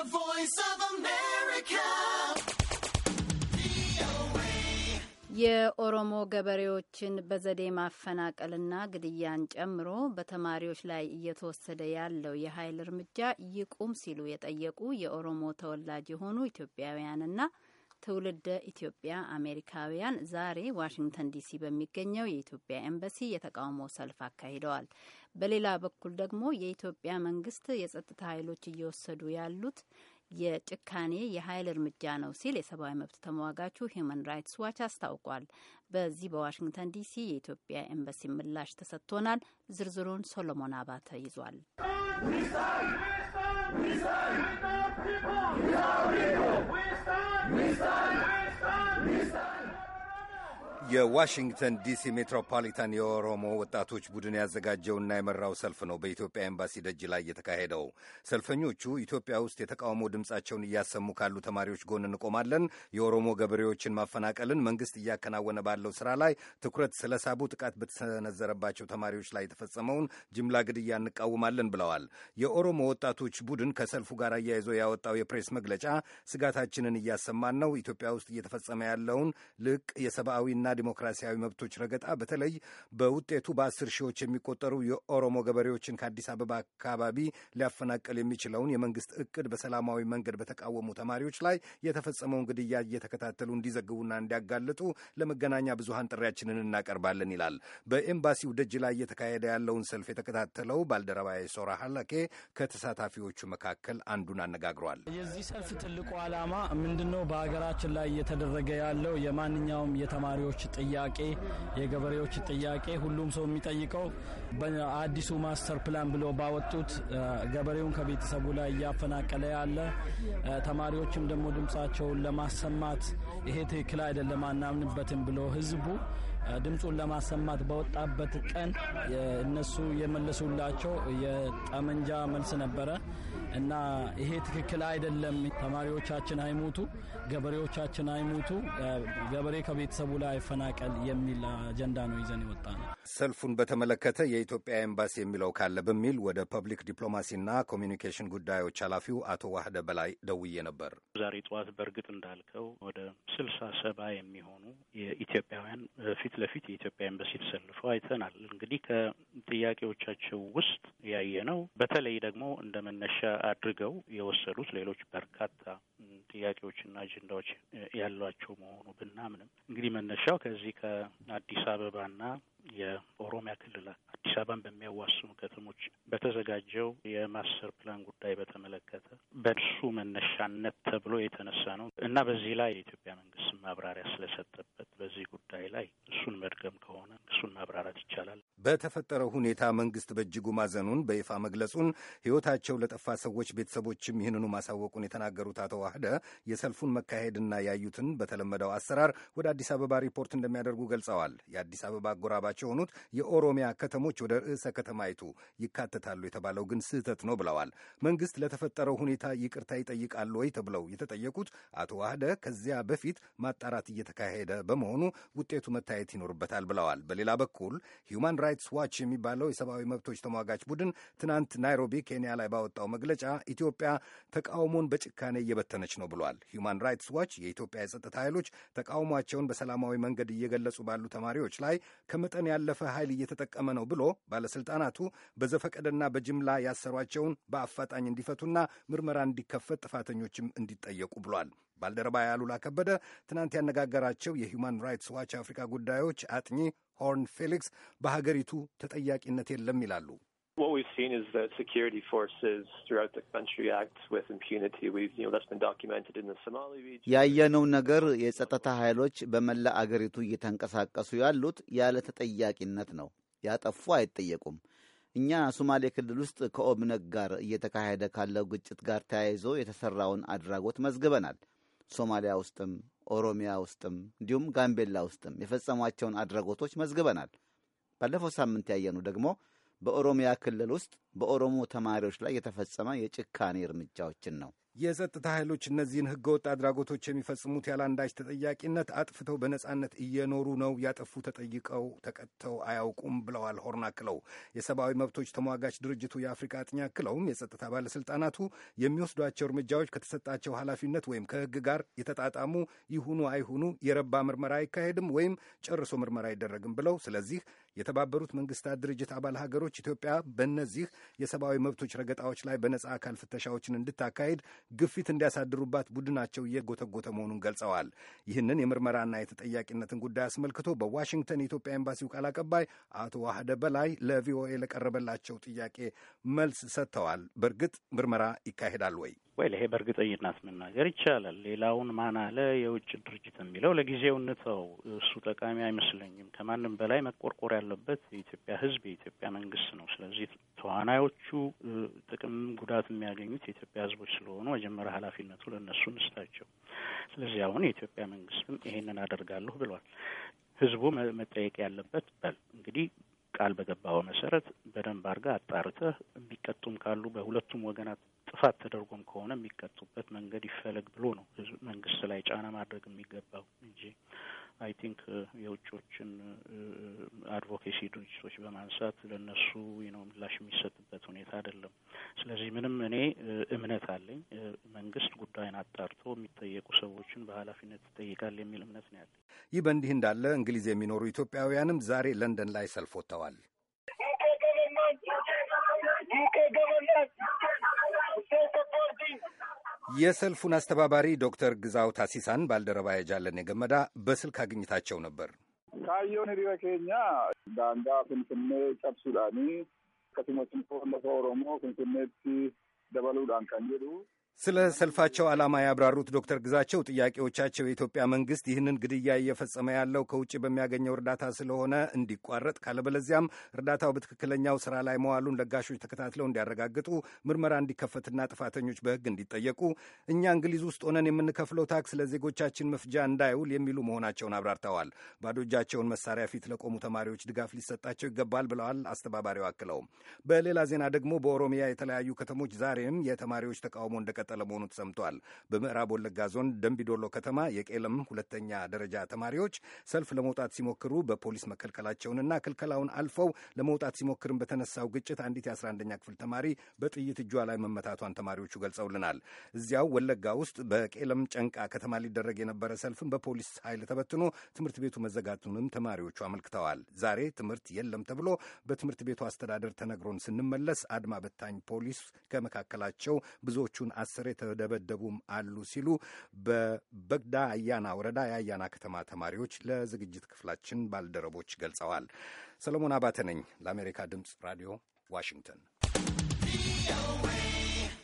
The Voice of America. የኦሮሞ ገበሬዎችን በዘዴ ማፈናቀልና ግድያን ጨምሮ በተማሪዎች ላይ እየተወሰደ ያለው የኃይል እርምጃ ይቁም ሲሉ የጠየቁ የኦሮሞ ተወላጅ የሆኑ ኢትዮጵያውያንና ትውልደ ኢትዮጵያ አሜሪካውያን ዛሬ ዋሽንግተን ዲሲ በሚገኘው የኢትዮጵያ ኤምባሲ የተቃውሞ ሰልፍ አካሂደዋል። በሌላ በኩል ደግሞ የኢትዮጵያ መንግስት የጸጥታ ኃይሎች እየወሰዱ ያሉት የጭካኔ የኃይል እርምጃ ነው ሲል የሰብአዊ መብት ተሟጋቹ ሂዩማን ራይትስ ዋች አስታውቋል። በዚህ በዋሽንግተን ዲሲ የኢትዮጵያ ኤምባሲ ምላሽ ተሰጥቶናል። ዝርዝሩን ሶሎሞን አባተ ይዟል። የዋሽንግተን ዲሲ ሜትሮፖሊታን የኦሮሞ ወጣቶች ቡድን ያዘጋጀውና የመራው ሰልፍ ነው በኢትዮጵያ ኤምባሲ ደጅ ላይ የተካሄደው። ሰልፈኞቹ ኢትዮጵያ ውስጥ የተቃውሞ ድምፃቸውን እያሰሙ ካሉ ተማሪዎች ጎን እንቆማለን፣ የኦሮሞ ገበሬዎችን ማፈናቀልን መንግስት እያከናወነ ባለው ስራ ላይ ትኩረት ስለሳቡ ጥቃት በተሰነዘረባቸው ተማሪዎች ላይ የተፈጸመውን ጅምላ ግድያ እንቃወማለን ብለዋል። የኦሮሞ ወጣቶች ቡድን ከሰልፉ ጋር አያይዞ ያወጣው የፕሬስ መግለጫ ስጋታችንን እያሰማን ነው፣ ኢትዮጵያ ውስጥ እየተፈጸመ ያለውን ልቅ የሰብአዊና ዲሞክራሲያዊ መብቶች ረገጣ በተለይ በውጤቱ በአስር ሺዎች የሚቆጠሩ የኦሮሞ ገበሬዎችን ከአዲስ አበባ አካባቢ ሊያፈናቀል የሚችለውን የመንግስት እቅድ በሰላማዊ መንገድ በተቃወሙ ተማሪዎች ላይ የተፈጸመውን ግድያ እየተከታተሉ እንዲዘግቡና እንዲያጋልጡ ለመገናኛ ብዙሃን ጥሪያችንን እናቀርባለን ይላል። በኤምባሲው ደጅ ላይ እየተካሄደ ያለውን ሰልፍ የተከታተለው ባልደረባ ሶራ ሀላኬ ከተሳታፊዎቹ መካከል አንዱን አነጋግሯል። የዚህ ሰልፍ ትልቁ ዓላማ ምንድነው? በሀገራችን ላይ እየተደረገ ያለው የማንኛውም የተማሪዎች ጥያቄ፣ የገበሬዎች ጥያቄ ሁሉም ሰው የሚጠይቀው አዲሱ ማስተር ፕላን ብሎ ባወጡት ገበሬውን ከቤተሰቡ ላይ እያፈናቀለ ያለ ተማሪዎችም ደግሞ ድምፃቸውን ለማሰማት ይሄ ትክክል አይደለም አናምንበትም ብሎ ህዝቡ ድምፁን ለማሰማት በወጣበት ቀን እነሱ የመለሱላቸው የጠመንጃ መልስ ነበረ። እና ይሄ ትክክል አይደለም። ተማሪዎቻችን አይሞቱ፣ ገበሬዎቻችን አይሞቱ፣ ገበሬ ከቤተሰቡ ላይ አይፈናቀል የሚል አጀንዳ ነው ይዘን የወጣ ነው። ሰልፉን በተመለከተ የኢትዮጵያ ኤምባሲ የሚለው ካለ በሚል ወደ ፐብሊክ ዲፕሎማሲና ኮሚኒኬሽን ጉዳዮች ኃላፊው አቶ ዋህደ በላይ ደውዬ ነበር። ዛሬ ጠዋት በእርግጥ እንዳልከው ወደ ስልሳ ሰባ የሚሆኑ የኢትዮጵያውያን ፊት ለፊት የኢትዮጵያ ኤምባሲ ተሰልፈው አይተናል። እንግዲህ ከጥያቄዎቻቸው ውስጥ ያየ ነው። በተለይ ደግሞ እንደ መነሻ አድርገው የወሰዱት ሌሎች በርካታ ጥያቄዎችና አጀንዳዎች ያሏቸው መሆኑ ብናምንም እንግዲህ መነሻው ከዚህ ከአዲስ አበባና የኦሮሚያ ክልል አዲስ አበባን በሚያዋስኑ ከተሞች በተዘጋጀው የማስተር ፕላን ጉዳይ በተመለከተ በእርሱ መነሻነት ተብሎ የተነሳ ነው እና በዚህ ላይ የኢትዮጵያ መንግስት ማብራሪያ ስለሰጠበት በዚህ ጉዳይ ላይ እሱን መድገም ከሆነ እሱን ማብራራት ይቻላል። በተፈጠረው ሁኔታ መንግስት በእጅጉ ማዘኑን በይፋ መግለጹን፣ ህይወታቸው ለጠፋ ሰዎች ቤተሰቦችም ይህንኑ ማሳወቁን የተናገሩት አቶ ዋህደ የሰልፉን መካሄድና ያዩትን በተለመደው አሰራር ወደ አዲስ አበባ ሪፖርት እንደሚያደርጉ ገልጸዋል። የአዲስ አበባ አጎራባቸው የሆኑት የኦሮሚያ ከተሞች ከተሞች ወደ ርዕሰ ከተማይቱ ይካተታሉ የተባለው ግን ስህተት ነው ብለዋል። መንግስት ለተፈጠረው ሁኔታ ይቅርታ ይጠይቃል ወይ ተብለው የተጠየቁት አቶ ዋህደ ከዚያ በፊት ማጣራት እየተካሄደ በመሆኑ ውጤቱ መታየት ይኖርበታል ብለዋል። በሌላ በኩል ሁማን ራይትስ ዋች የሚባለው የሰብአዊ መብቶች ተሟጋች ቡድን ትናንት ናይሮቢ ኬንያ ላይ ባወጣው መግለጫ ኢትዮጵያ ተቃውሞን በጭካኔ እየበተነች ነው ብሏል። ሁማን ራይትስ ዋች የኢትዮጵያ የጸጥታ ኃይሎች ተቃውሟቸውን በሰላማዊ መንገድ እየገለጹ ባሉ ተማሪዎች ላይ ከመጠን ያለፈ ኃይል እየተጠቀመ ነው ብሎ ባለሥልጣናቱ በዘፈቀደና በጅምላ ያሰሯቸውን በአፋጣኝ እንዲፈቱና ምርመራ እንዲከፈት ጥፋተኞችም እንዲጠየቁ ብሏል። ባልደረባ ያሉላ ከበደ ትናንት ያነጋገራቸው የሂውማን ራይትስ ዋች አፍሪካ ጉዳዮች አጥኚ ሆርን ፌሊክስ በሀገሪቱ ተጠያቂነት የለም ይላሉ። What we've seen is that security forces throughout the country act with impunity. We've, you know, that's been documented in the Somali region. ያየነው ነገር የጸጥታ ኃይሎች በመላ አገሪቱ እየተንቀሳቀሱ ያሉት ያለ ተጠያቂነት ነው። ያጠፉ አይጠየቁም። እኛ ሶማሌ ክልል ውስጥ ከኦብነግ ጋር እየተካሄደ ካለው ግጭት ጋር ተያይዞ የተሰራውን አድራጎት መዝግበናል። ሶማሊያ ውስጥም ኦሮሚያ ውስጥም እንዲሁም ጋምቤላ ውስጥም የፈጸሟቸውን አድራጎቶች መዝግበናል። ባለፈው ሳምንት ያየኑ ደግሞ በኦሮሚያ ክልል ውስጥ በኦሮሞ ተማሪዎች ላይ የተፈጸመ የጭካኔ እርምጃዎችን ነው። የጸጥታ ኃይሎች እነዚህን ህገወጥ አድራጎቶች የሚፈጽሙት ያለ ተጠያቂነት አጥፍተው በነጻነት እየኖሩ ነው። ያጠፉ ተጠይቀው ተቀጥተው አያውቁም ብለዋል ሆርን አክለው። የሰብአዊ መብቶች ተሟጋች ድርጅቱ የአፍሪካ አጥኚ አክለውም የጸጥታ ባለስልጣናቱ የሚወስዷቸው እርምጃዎች ከተሰጣቸው ኃላፊነት ወይም ከህግ ጋር የተጣጣሙ ይሁኑ አይሁኑ፣ የረባ ምርመራ አይካሄድም ወይም ጨርሶ ምርመራ አይደረግም ብለው ስለዚህ የተባበሩት መንግስታት ድርጅት አባል ሀገሮች ኢትዮጵያ በእነዚህ የሰብአዊ መብቶች ረገጣዎች ላይ በነጻ አካል ፍተሻዎችን እንድታካሄድ ግፊት እንዲያሳድሩባት ቡድናቸው እየጎተጎተ መሆኑን ገልጸዋል። ይህንን የምርመራና የተጠያቂነትን ጉዳይ አስመልክቶ በዋሽንግተን የኢትዮጵያ ኤምባሲው ቃል አቀባይ አቶ ዋህደ በላይ ለቪኦኤ ለቀረበላቸው ጥያቄ መልስ ሰጥተዋል። በእርግጥ ምርመራ ይካሄዳል ወይ? ወይ ይሄ በእርግጠኝነት መናገር ይቻላል። ሌላውን ማን አለ የውጭ ድርጅት የሚለው ለጊዜው እንተው፣ እሱ ጠቃሚ አይመስለኝም። ከማንም በላይ መቆርቆር ያለበት የኢትዮጵያ ሕዝብ የኢትዮጵያ መንግስት ነው። ስለዚህ ተዋናዮቹ ጥቅም ጉዳት የሚያገኙት የኢትዮጵያ ሕዝቦች ስለሆኑ መጀመሪያ ኃላፊነቱ ለእነሱ እንስጣቸው። ስለዚህ አሁን የኢትዮጵያ መንግስትም ይሄንን አደርጋለሁ ብሏል። ሕዝቡ መጠየቅ ያለበት በል እንግዲህ ቃል በገባው መሰረት በደንብ አርጋ አጣርተህ የሚቀጡም ካሉ በሁለቱም ወገናት ጥፋት ተደርጎም ከሆነ የሚቀጡበት መንገድ ይፈለግ ብሎ ነው መንግስት ላይ ጫና ማድረግ የሚገባው እንጂ አይ ቲንክ የውጮችን አድቮኬሲ ድርጅቶች በማንሳት ለእነሱ ነው ምላሽ የሚሰጥበት ሁኔታ አይደለም። ስለዚህ ምንም እኔ እምነት አለኝ መንግስት ጉዳይን አጣርቶ የሚጠየቁ ሰዎችን በኃላፊነት ይጠይቃል የሚል እምነት ነው ያለኝ። ይህ በእንዲህ እንዳለ እንግሊዝ የሚኖሩ ኢትዮጵያውያንም ዛሬ ለንደን ላይ ሰልፍ ወጥተዋል። የሰልፉን አስተባባሪ ዶክተር ግዛው ታሲሳን ባልደረባ የጃለን የገመዳ በስልክ አግኝታቸው ነበር። ካዮን ሂሪረ ኬኛ ዳንጋ ፍንፍኔ ጨብሱዳኒ ከሲሞችን ፎለፈ ኦሮሞ ፍንፍኔቲ ደበሉዳን ከንጀዱ ስለ ሰልፋቸው ዓላማ ያብራሩት ዶክተር ግዛቸው ጥያቄዎቻቸው የኢትዮጵያ መንግስት ይህንን ግድያ እየፈጸመ ያለው ከውጭ በሚያገኘው እርዳታ ስለሆነ እንዲቋረጥ፣ ካለበለዚያም እርዳታው በትክክለኛው ስራ ላይ መዋሉን ለጋሾች ተከታትለው እንዲያረጋግጡ፣ ምርመራ እንዲከፈትና ጥፋተኞች በሕግ እንዲጠየቁ፣ እኛ እንግሊዝ ውስጥ ሆነን የምንከፍለው ታክስ ለዜጎቻችን መፍጃ እንዳይውል የሚሉ መሆናቸውን አብራርተዋል። ባዶ እጃቸውን መሳሪያ ፊት ለቆሙ ተማሪዎች ድጋፍ ሊሰጣቸው ይገባል ብለዋል። አስተባባሪው አክለው በሌላ ዜና ደግሞ በኦሮሚያ የተለያዩ ከተሞች ዛሬም የተማሪዎች ተቃውሞ እንደቀ እየቀጠለ መሆኑ ተሰምቷል። በምዕራብ ወለጋ ዞን ደንቢዶሎ ከተማ የቄለም ሁለተኛ ደረጃ ተማሪዎች ሰልፍ ለመውጣት ሲሞክሩ በፖሊስ መከልከላቸውንና ክልከላውን አልፈው ለመውጣት ሲሞክርም በተነሳው ግጭት አንዲት የ11ኛ ክፍል ተማሪ በጥይት እጇ ላይ መመታቷን ተማሪዎቹ ገልጸውልናል። እዚያው ወለጋ ውስጥ በቄለም ጨንቃ ከተማ ሊደረግ የነበረ ሰልፍም በፖሊስ ኃይል ተበትኖ ትምህርት ቤቱ መዘጋቱንም ተማሪዎቹ አመልክተዋል። ዛሬ ትምህርት የለም ተብሎ በትምህርት ቤቱ አስተዳደር ተነግሮን ስንመለስ አድማ በታኝ ፖሊስ ከመካከላቸው ብዙዎቹን ስር የተደበደቡም አሉ ሲሉ በበግዳ አያና ወረዳ የአያና ከተማ ተማሪዎች ለዝግጅት ክፍላችን ባልደረቦች ገልጸዋል። ሰለሞን አባተ ነኝ ለአሜሪካ ድምፅ ራዲዮ ዋሽንግተን።